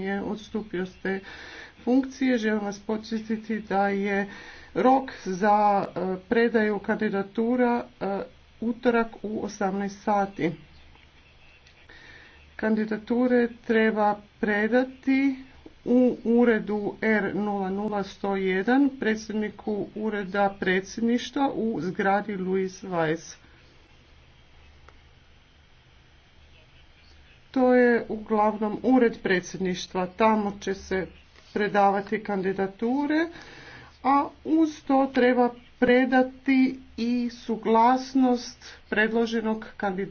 je odstupio s te funkcije. Želim vas podsjetiti da je rok za e, predaju kandidatura e, utorak u 18 sati. Kandidature treba predati u uredu R00101 predsjedniku ureda predsjedništva u zgradi Louis Weiss. uglavnom ured predsjedništva. Tamo će se predavati kandidature, a uz to treba predati i suglasnost predloženog kandidata